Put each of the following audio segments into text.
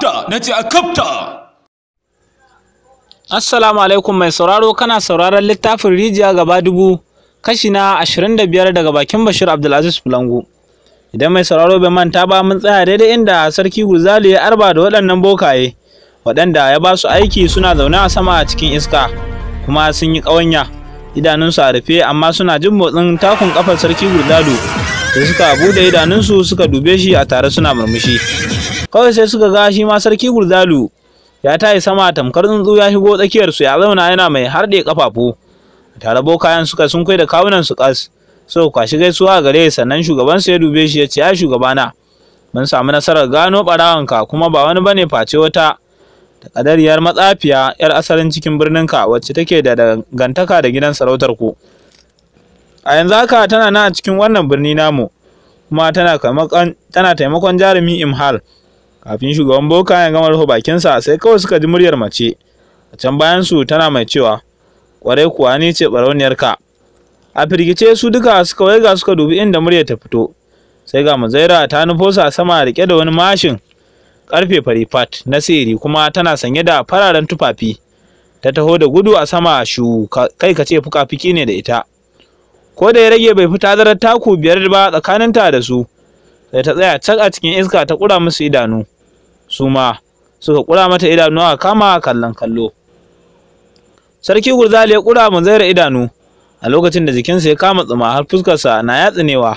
kafta na ce a kafta Assalamu alaikum mai sauraro kana sauraron littafin rijiya gaba dubu kashi na ashirin da biyar daga bakin Bashir Abdulaziz Bulangu. Idan mai sauraro bai manta ba mun tsaya daidai inda sarki Guzali ya arba da waɗannan bokaye waɗanda ya ba su aiki suna zaune a sama a cikin iska kuma sun yi ƙawanya idanunsu a rufe amma suna jin motsin takun ƙafar sarki Guzalu da suka buɗe idanunsu suka dube shi a tare suna murmushi. kawai sai suka ga shi ma sarki gurzalu ya tayi sama tamkar tsuntsu ya shigo tsakiyar su ya zauna yana mai harɗe kafafu tare kayan suka sun kai da kawunan su kas so su a gare sannan shugaban su ya dube shi ya ce ya shugabana mun samu nasarar gano barawanka kuma ba wani bane face wata takadariyar matsafiya yar asalin cikin birninka wacce take da dangantaka da gidan sarautar ku a yanzu haka tana nan a cikin wannan birni namu kuma tana taimakon jarumi imhal kafin shugaban boka ya gama rufe bakinsa sai kawai suka ji muryar mace a can bayan su tana mai cewa kwarai kuwa ni ce barauniyarka a firgice su duka suka waiga suka dubi inda murya ta fito sai ga mazaira ta nufo sa sama rike da wani mashin karfe fari fat na siri kuma tana sanye da fararen tufafi ta taho da gudu a sama shu kai ka ce fuka-fiki ne da ita ko da ya rage bai fita zarar taku biyar ba tsakaninta da su sai ta tsaya cak a cikin iska ta kura musu idanu su ma suka kura mata idanu a kama kallon kallo sarki gurzali ya kura zaira idanu a lokacin da jikinsa ya kama tsuma har fuskarsa na yatsinewa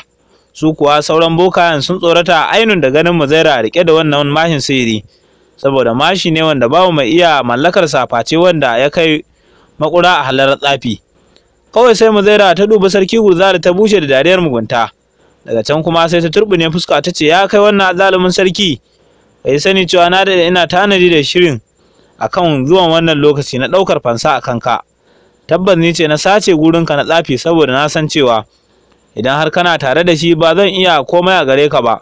su kuwa sauran bokayen sun tsorata a ainun da ganin muzaira rike da wannan mashin sihiri saboda mashi ne wanda babu mai iya mallakar face wanda ya kai makura a halar tsafi kawai sai muzaira ta duba sarki gurzali ta bushe da dariyar mugunta daga can kuma sai ta turbine fuska ta ce ya kai wannan zalumin sarki Ka yi sani cewa na daɗe ina tanadi da shirin a kan zuwan wannan lokaci na ɗaukar fansa a kanka tabbas ni ce na sace gurinka na tsafi saboda na san cewa idan har kana tare da shi ba zan iya komai a gare ka ba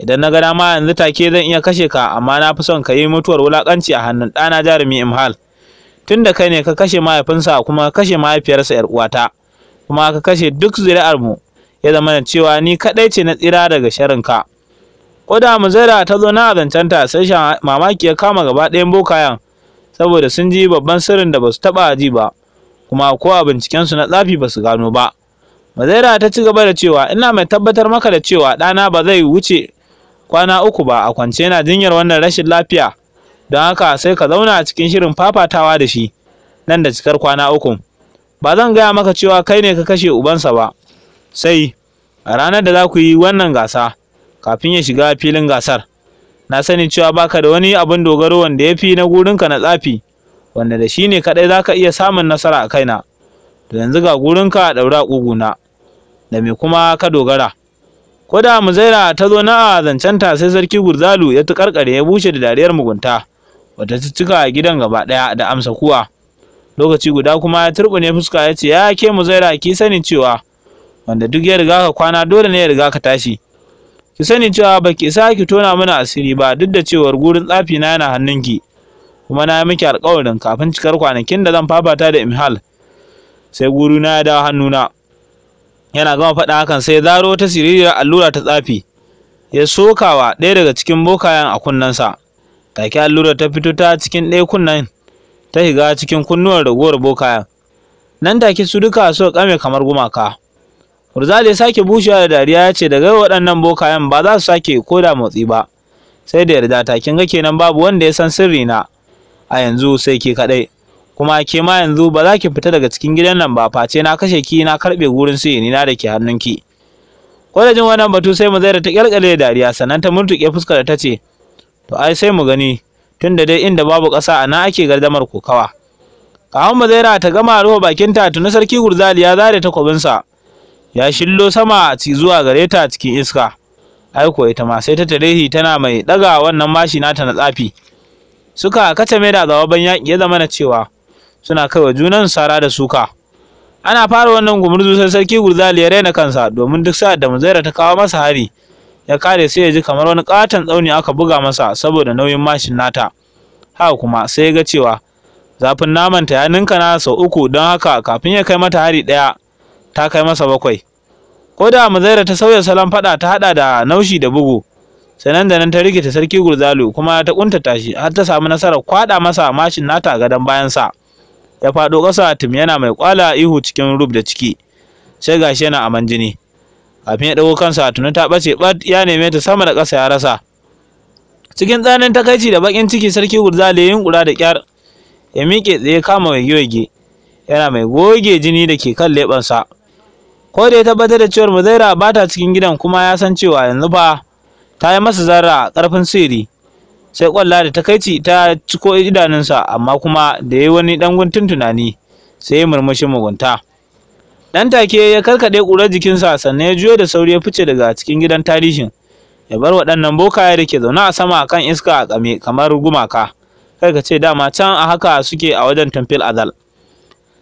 idan na ga dama yanzu take zan iya kashe ka amma na fi son ka yi mutuwar wulakanci a hannun ɗana jarumi imhal tun da kai ne ka kashe mahaifinsa kuma ka kashe mahaifiyarsa yar uwata kuma ka kashe duk zuri'ar mu ya zama cewa ni kaɗai ce na tsira daga sharinka ko da muzaira ta zo na zancenta sai shan mamaki ya kama gaba ɗayan bokayen saboda sun ji babban sirrin da ba su taɓa ji ba kuma ko a bincikensu na tsafi basu gano ba muzaira ta ci gaba da cewa ina mai tabbatar maka da cewa ɗana ba zai wuce kwana uku ba a kwance yana jinyar wannan rashin lafiya don haka sai ka zauna a cikin shirin fafatawa da shi nan da cikar kwana uku ba zan gaya maka cewa kai ne ka kashe ubansa ba sai a ranar da za ku yi wannan gasa kafin ya shiga filin gasar na sanin cewa baka da wani abin dogaro wanda ya fi na gurinka na tsafi wanda da shi ne kaɗai za ka iya samun nasara a kaina to yanzu ga gurinka a ɗaura ƙuguna da me kuma ka dogara ko da muzaira ta zo na a zancenta sai sarki gurzalu ya tukarkare ya bushe da dariyar mugunta wata cika gidan gaba ɗaya da amsa kuwa lokaci guda kuma ya turɓune fuska ya ce ya ke muzaira ki sanin cewa wanda duk ya riga ka kwana dole ne ya riga ka tashi ki sani cewa baki isa ki tona mana asiri ba duk da cewar gurin tsafi na yana hannunki kuma na miki alƙawarin kafin cikar kwanakin da zan fafata da imhal sai guru na ya dawo hannuna yana gama faɗa hakan sai zaro ta siririyar allura ta tsafi ya sokawa ɗaya daga cikin bokayen a kunnensa take allurar ta fito ta cikin ɗaya kunnen ta shiga cikin kunnuwar ragowar bokayen nan take su duka so kame kamar gumaka Murzali ya sake bushewa da dariya ya ce daga waɗannan bokayen ba za su sake ko da motsi ba. Sai da yarda ta kin ga kenan babu wanda ya san sirri na. A yanzu sai ke kaɗai. Kuma ke ma yanzu ba za ki fita daga cikin gidan nan ba face na kashe ki na karɓe gurin su sihiri nina da ke hannun ki Kwalejin wannan batu sai mu zaira ta kyalkyale da dariya sannan ta murtuke fuskar ta ce to ai sai mu gani tun da dai inda babu ƙasa a nan ake gardamar kokawa. Kawun Mazaira ta gama ruwa bakinta tuni sarki Gurzali ya zare takobinsa. ya shillo sama zuwa gare ta cikin iska aiko ita ma sai ta tarehi tana mai daga wannan mashi nata na tsafi suka kace mai da ban yaki ya zama na cewa suna kaiwa junan sara da suka ana fara wannan gumurzu sai sarki gurzali ya raina kansa domin duk sa'ad da muzaira ta kawo masa hari ya kare sai ya ji kamar wani katon tsauni aka buga masa saboda nauyin mashin nata ha kuma sai ya ga cewa zafin naman ta ya ninka na sau uku don haka kafin ya kai mata hari ɗaya ta kai masa bakwai ko da muzaira ta sauya salon faɗa ta haɗa da naushi da bugu sanan da nan ta rikita sarki gurzalu kuma ta kunta tashi, har ta samu nasarar kwaɗa masa mashin nata gadon sa ya faɗo kasa tim yana mai kwala ihu cikin rub da ciki sai gashi yana aman jini kafin ya dago kansa tuni ta bace ɓat ya neme ta sama da kasa ya rasa cikin tsanin takaici da bakin ciki sarki ya yin kura da kyar ya miƙe tsaye kama wage-wage yana mai goge jini da ke kan sa ko da ya tabbatar da cewar muzaira ba ta cikin gidan kuma ya san cewa yanzu fa ta yi masa zarra karfin sirri sai kwalla da takaici ta ciko idanunsa amma kuma da yayi wani dan guntun tunani sai ya murmushi mugunta dan take ya karkaɗe ƙurar jikinsa sannan ya juyo da sauri ya fice daga cikin gidan tarihin ya bar waɗannan bokaye da ke zaune a sama kan iska a kame kamar gumaka kai ka ce dama can a haka suke a wajen tamfil azal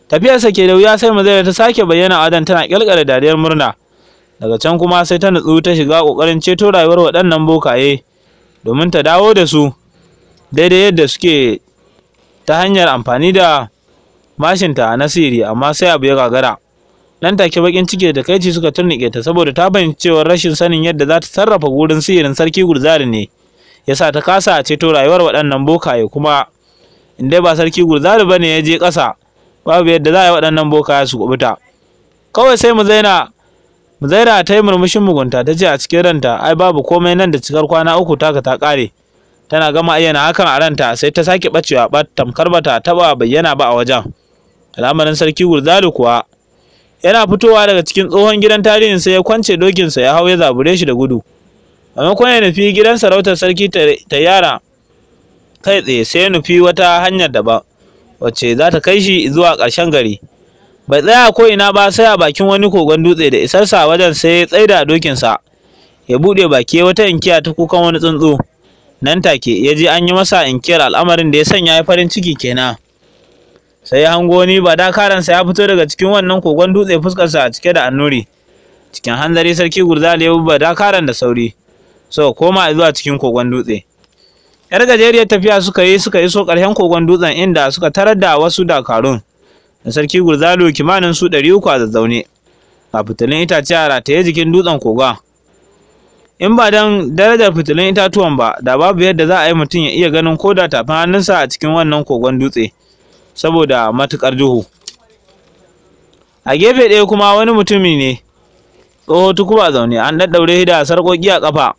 tafiyarsa ke da wuya sai Mazaira ta sake bayyana adan tana kyalkare dariyar murna daga can kuma sai ta nutsu ta shiga kokarin ceto rayuwar waɗannan bokaye domin ta dawo da su daidai yadda suke ta hanyar amfani da mashinta na sihiri, amma sai abu ya gagara nan take bakin ciki da kaici suka turnike ta saboda ta fahimci cewa rashin sanin yadda za ta sarrafa gurin sihirin sarki gurzari ne yasa ta kasa ceto rayuwar waɗannan bokaye kuma in dai ba sarki gurzari bane ya je ƙasa babu yadda za a yi waɗannan boka su kubuta kawai sai mu zaina mu zaina ta yi murmushin mugunta ta ce a cikin ranta ai babu komai nan da cikar kwana uku taka ta ƙare tana gama ayyana hakan a ranta sai ta sake ɓacewa bat tamkar bata taɓa bayyana ba a wajen al'amarin sarki gurzalu kuwa yana fitowa daga cikin tsohon gidan tarihin sai ya kwance dokinsa ya hau ya zabure shi da gudu a maimakon ya nufi gidan sarautar sarki ta yara kai tsaye sai ya nufi wata hanyar daban wacce za ta kai shi zuwa ƙarshen gari bai tsaya ko ina ba sai a bakin wani kogon dutse da isarsa wajen sai ya tsaida dokinsa ya buɗe baki wata inkiya ta kukan wani tsuntsu nan take ya ji an yi masa inkiyar al'amarin da ya sanya ya farin ciki kenan sai ya hango wani ba dakaransa ya fito daga cikin wannan kogon dutse fuskarsa a cike da annuri cikin hanzari sarki gurzali ya bada karan da sauri so koma zuwa cikin kogon dutse yar gajeriyar tafiya suka yi suka iso ƙarshen kogon dutsen inda suka tarar da wasu dakarun da sarki gurzalo kimanin su ɗari uku a zazzaune a fitilun itace a rataye jikin dutsen koga in ba dan darajar fitilun itatuwan ba da babu yadda za a yi mutum ya iya ganin ko da tafin hannunsa a cikin wannan kogon dutse saboda matuƙar duhu a gefe ɗaya kuma wani mutumi ne tsoho tukuba zaune an ɗaɗɗaure da sarƙoƙi a ƙafa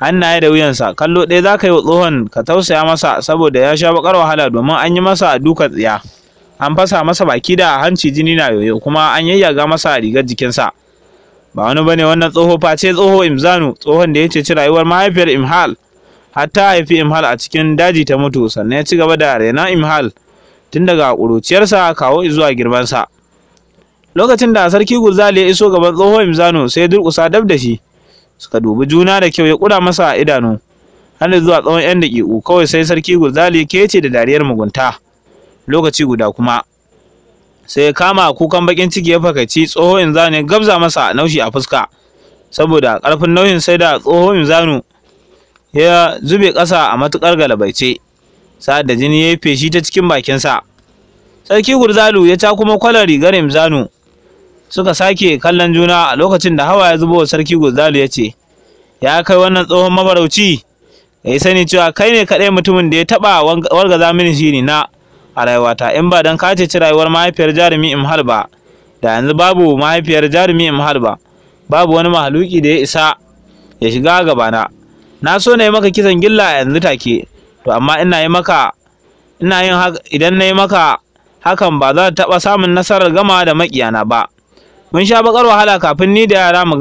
hannaye da wuyansa kallo ɗaya za ka yi wa tsohon ka tausaya masa saboda ya sha bakar wahala domin an yi masa duka tsiya an fasa masa baki da hanci jini na yoyo kuma an yayyaga masa rigar jikinsa ba wani bane wannan tsoho face tsoho imzanu tsohon da ya ceci rayuwar mahaifiyar imhal har ta haifi imhal a cikin daji ta mutu sannan ya ci gaba da rena imhal tun daga ƙuruciyarsa kawo zuwa girmansa lokacin da sarki gurzali ya iso gaban tsoho imzanu sai durƙusa dab da shi suka dubi juna da kyau ya kura masa a idanu har zuwa tsawon yan daƙiƙu kawai sai sarki guzali kece da dariyar mugunta lokaci guda kuma sai ya kama kukan bakin ciki ya fakaci tsoho inzanu ya gabza masa naushi a fuska saboda ƙarfin nauyin sai da tsoho inzanu ya zube ƙasa a matuƙar galabaice sa'ad da jini ya yi feshi ta cikin bakinsa sarki gurzalu ya ta kuma kwalar rigar imzanu suka sake kallon juna a lokacin da hawa ya zubo wa sarki Gozalu ya ce, Ya kai wannan tsohon mabarauci, ya yi sani cewa kai ne kaɗai mutumin da ya taɓa wargaza mini ne na a rayuwata, in ba don kace ci rayuwar mahaifiyar jarumi Imhal ba, da yanzu babu mahaifiyar jarumi Imhal ba, babu wani mahaluki da ya isa ya shiga gabana. Na so na yi maka kisan gilla a yanzu take, to amma ina yi maka ina yin idan na yi maka hakan ba za ta taɓa samun nasarar gama da maƙiyana ba. mun sha bakar wahala kafin ni da yara mu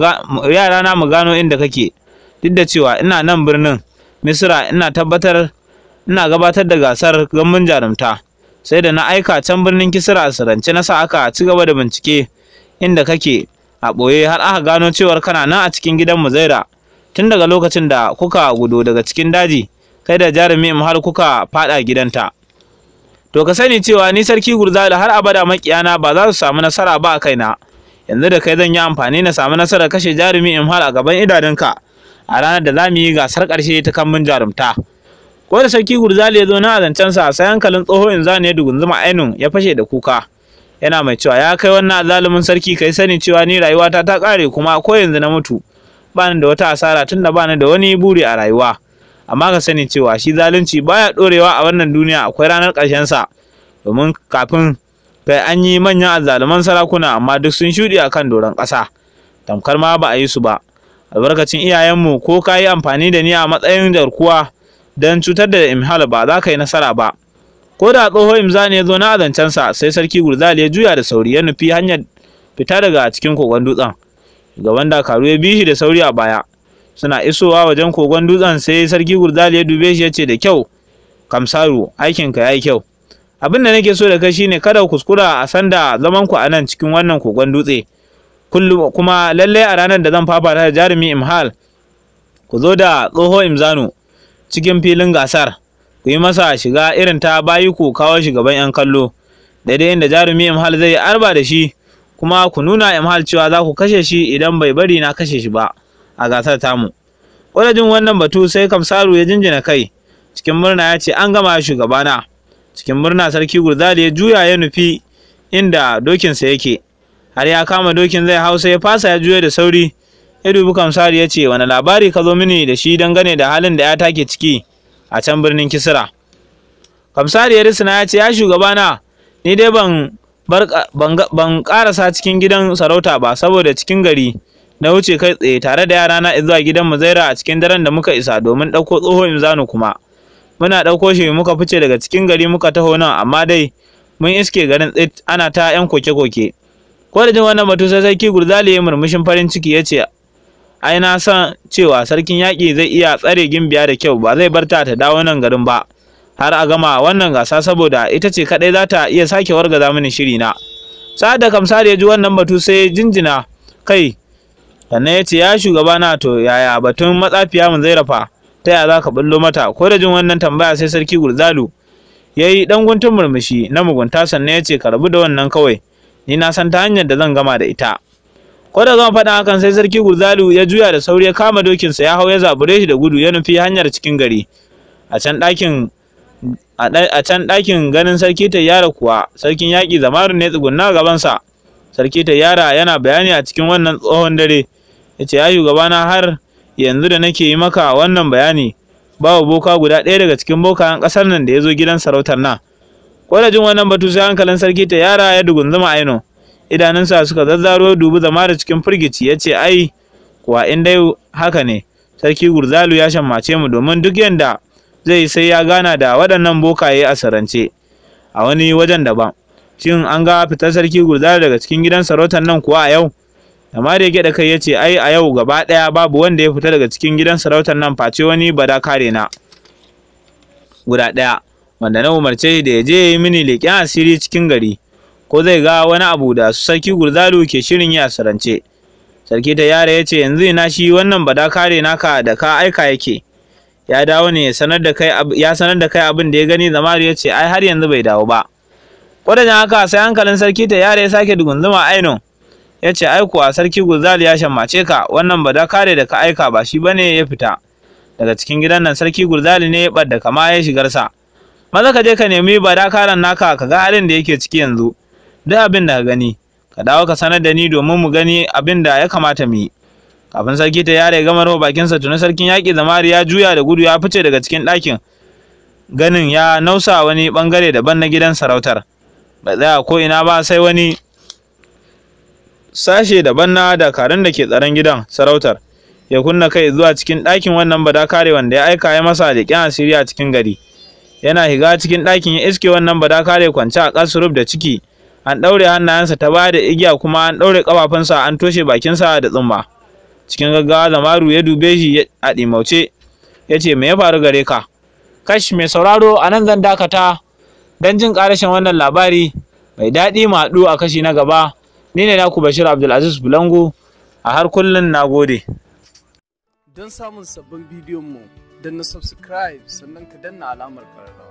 yara na mu gano inda kake duk da cewa ina nan birnin Misra ina tabbatar ina gabatar da gasar gambun jarumta sai da na aika can birnin Kisra a sirance na sa aka ci gaba da bincike inda kake a boye har aka gano cewar kana nan a cikin gidan mu Zaira, tun daga lokacin da kuka gudo daga cikin daji kai da jarumi har kuka fada gidanta to ka sani cewa ni sarki gurzali har abada makiyana ba za su samu nasara ba a kaina yanzu da kai zan yi amfani na samu nasarar kashe jarumi in har a gaban idanunka a ranar da za mu yi gasar ƙarshe ta kambun jarumta ko da sarki gurzali ya zo na sa sai hankalin tsoho in zane dugunzuma ainun ya fashe da kuka yana mai cewa ya kai wannan zalumin sarki kai sani cewa ni rayuwata ta kare kuma ko yanzu na mutu ba ni da wata asara tun da ba ni da wani buri a rayuwa amma ka sani cewa shi zalunci baya dorewa a wannan duniya akwai ranar sa domin kafin kai an yi manyan azzaluman sarakuna amma duk sun shuɗe akan doron ƙasa tamkar ma ba a yi su ba albarkacin iyayenmu ko ka yi amfani da ni a matsayin garkuwa don cutar da imhal ba za ka yi nasara ba ko da tsoho imza ne zo na azancensa sai sarki gurzali ya juya da sauri ya nufi hanyar fita daga cikin kogon dutsen gaban dakaru ya bi shi da sauri a baya suna isowa wajen kogon dutsen sai sarki gurzali ya dube shi ya ce da kyau kamsaru aikinka ya yi kyau abin da nake so da kai shine kada ku kuskura a sanda zaman ku a nan cikin wannan kogon dutse kullum kuma lallai a ranar da zan fafa da jarumi imhal ku zo da tsoho imzanu cikin filin gasar ku yi masa shiga irin ta bayi ku kawo shugaban yan kallo daidai inda jarumi imhal zai yi arba da shi kuma ku nuna imhal cewa za ku kashe shi idan bai bari na kashe shi ba a gasar tamu ƙwarajin wannan batu sai kamsaru ya jinjina kai cikin murna ya ce an gama shugabana cikin murna sarki gurzali ya juya ya nufi inda dokinsa yake har ya kama dokin zai hau sai ya fasa ya juya da sauri ya dubi kamsari ya ce wani labari ka zo mini da shi dangane da halin da ya take ciki a can birnin kisira kamsari ya risina ya ce ya shugabana ni dai ban ban karasa cikin gidan sarauta ba saboda cikin gari na wuce kai tsaye tare da yara na zuwa gidan zaira a cikin daren da muka isa domin ɗauko tsoho zanu kuma muna ɗauko shi muka fice daga cikin gari muka taho nan amma dai mun iske garin tsit ana ta yan koke-koke ko da jin wannan batu sai sarki gurzali ya murmushin farin ciki ya ce ai na san cewa sarkin yaƙi zai iya tsare gimbiya da kyau ba zai barta ta dawo nan garin ba har a gama wannan gasa saboda ita ce kaɗai za ta iya sake wargaza mini shiri na sa'ad da kamsar ya ji wannan batu sai jinjina kai sannan ya ce ya shugaba na, to yaya batun matsafiya mun zai rafa ta yaya za ka ɓullo mata ko da jin wannan tambaya sai sarki gurzalu ya yi ɗan guntun murmushi na mugunta sannan ya ce ka rabu da wannan kawai ni na san ta hanyar da zan gama da ita ko da zan faɗa hakan sai sarki gurzalu ya juya da sauri ya kama dokin sa, ya hau ya zabure shi da gudu ya nufi hanyar cikin gari a can ɗakin a can ɗakin ganin sarki tayyara kuwa sarkin yaƙi zamarin ne tsugunna gabansa sarki yara yana bayani a cikin wannan tsohon dare ya ce ya shugabana har yanzu da nake yi maka wannan bayani babu boka guda ɗaya daga cikin bokayen ƙasar nan da ya zo gidan sarautar nan ko wannan batu sai hankalin sarki ta yara ya dugunzuma aino idanunsa suka zazzaro dubi zama da cikin firgici ya ce ai kuwa in dai haka ne sarki gurzalu ya shammace mu domin duk yanda zai sai ya gana da waɗannan bokaye a sarance a wani wajen daban shin an ga fitar sarki gurzalu daga cikin gidan sarautar nan kuwa a yau amma da ya da kai yace ai a yau gaba ɗaya babu wanda ya fita daga cikin gidan sarautar nan face wani bada kare na guda ɗaya wanda na umarce da ya je ya yi mini leƙen asiri cikin gari ko zai ga wani abu da su sarki gurzalu ke shirin yi a sarance sarki ta yare ya ce yanzu ina shi wannan bada kare naka da ka aika yake ya dawo ne ya sanar da kai abin da ya gani zamaru ya ce ai har yanzu bai dawo ba kwadanyan haka sai hankalin sarki ta yara ya sake dugunzuma ainihin ya ce ai kuwa sarki guzali ya shammace ka wannan ba da kare da ka aika ba shi bane ya fita daga cikin gidan nan sarki guzali ne ya da kama ya shigar sa maza ka je ka nemi ba da karan naka ka ga halin da yake ciki yanzu duk abin da ka gani ka dawo ka sanar da ni domin mu gani abin da ya kamata mu yi kafin sarki ta yare gamar bakinsa tuni sarkin yaki zamari ya juya da gudu ya fice daga cikin ɗakin ganin ya nausa wani bangare daban na gidan sarautar bai tsaya ko ina ba sai wani sashe daban na dakarun da ke tsaron gidan sarautar ya kunna kai zuwa cikin ɗakin wannan badakare wanda ya aika ya masa da kyan asiri a cikin gari yana higa cikin ɗakin ya iske wannan badakare kwance a kasurub da ciki an ɗaure hannayensa ta baya da igiya kuma an ɗaure ƙafafunsa an toshe bakinsa da tsumma cikin gaggawa zamaru ya dube shi a ɗimauce ya ce me ya faru gare ka kash mai sauraro a nan zan dakata don jin ƙarashin wannan labari mai daɗi maɗu a kashi na gaba ni ne naku bashir abdulaziz bulango a har kullun na gode don samun sabbin bidiyon mu na subscribe sannan ka danna alamar kararrawa